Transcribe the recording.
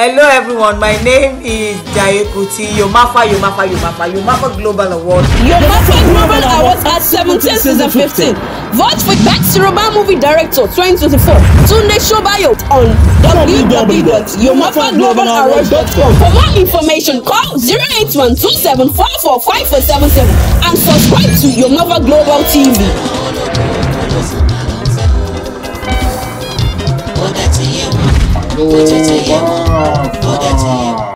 Hello everyone, my name is Jayekuti Yomafa Yomafa Yomafa Yomafa Global Award. Yomafa Global Awards at seventeen season fifteen. Vote for Best Yoruba Movie Director twenty twenty 2024. Tunde Shobayo on www.yomafaglobalaward.com. For more information, call zero eight one two seven seven four four four five seven and subscribe to Yomafa Global TV. Lord.